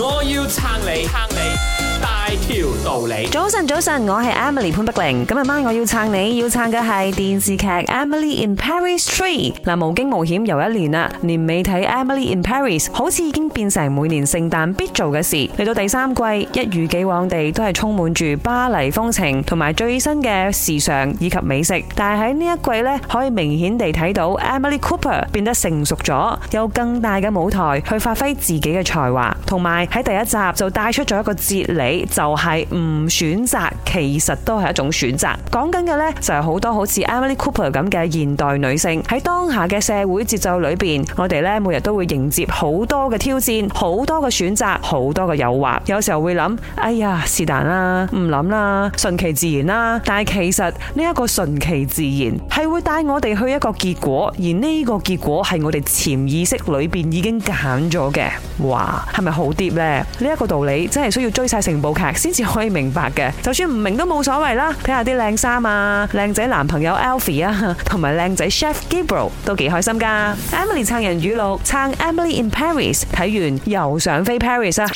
我要撐你撐你大條道理。早晨早晨，我係 Emily 潘碧玲。今日晚我要撐你要撐嘅係電視劇《Emily in Paris 3》嗱，無驚無險又一年啦。年尾睇《Emily in Paris》好似已經變成每年聖誕必做嘅事。嚟到第三季，一如既往地都係充滿住巴黎風情同埋最新嘅時尚以及美食。但係喺呢一季呢，可以明顯地睇到 Emily Cooper 變得成熟咗，有更大嘅舞台去發揮自己嘅才華，同埋，喺第一集就帶出咗一個哲理，就係唔選擇其實都係一種選擇。講緊嘅呢，就係好多好似 Emily Cooper 咁嘅現代女性喺當下嘅社會節奏裏邊，我哋呢每日都會迎接好多嘅挑戰、好多嘅選擇、好多嘅誘惑。有時候會諗，哎呀，是但啦，唔諗啦，順其自然啦。但係其實呢一個順其自然係會帶我哋去一個結果，而呢個結果係我哋潛意識裏邊已經揀咗嘅。哇，係咪好啲？呢一個道理真係需要追晒成部劇先至可以明白嘅，就算唔明都冇所謂啦。睇下啲靚衫啊，靚仔男朋友 Alfie 啊，同埋靚仔 Chef Gabriel 都幾開心噶。Emily 撐人語錄撐 Emily in Paris，睇完又想飛 Paris 啊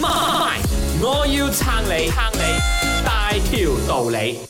！MY，我要撐你，撐你大條道理。